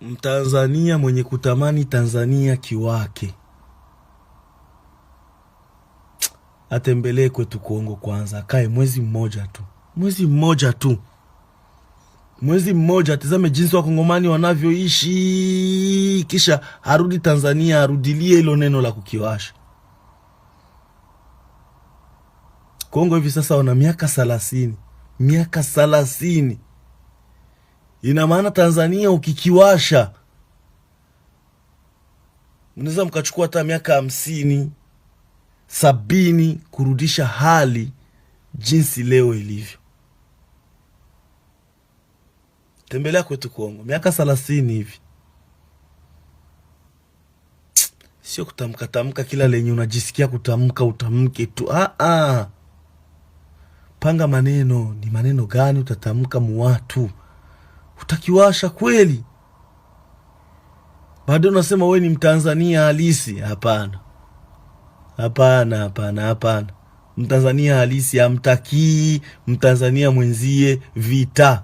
Mtanzania mwenye kutamani Tanzania kiwake atembelee kwetu Kongo kwanza, akae mwezi mmoja tu, mwezi mmoja tu, mwezi mmoja, atizame jinsi wakongomani wanavyoishi, kisha arudi Tanzania, arudilie hilo neno la kukiwasha. Kongo hivi sasa wana miaka thelathini, miaka thelathini Ina maana Tanzania ukikiwasha mnaweza mkachukua hata miaka hamsini sabini kurudisha hali jinsi leo ilivyo. Tembelea kwetu Kongo miaka thelathini hivi, sio kutamka tamka kila lenye unajisikia kutamka utamke tu. Ah, ah. Panga maneno, ni maneno gani utatamka muwatu utakiwasha kweli? Bado unasema we ni mtanzania halisi. Hapana, hapana, hapana, hapana. Mtanzania halisi hamtakii mtanzania mwenzie vita.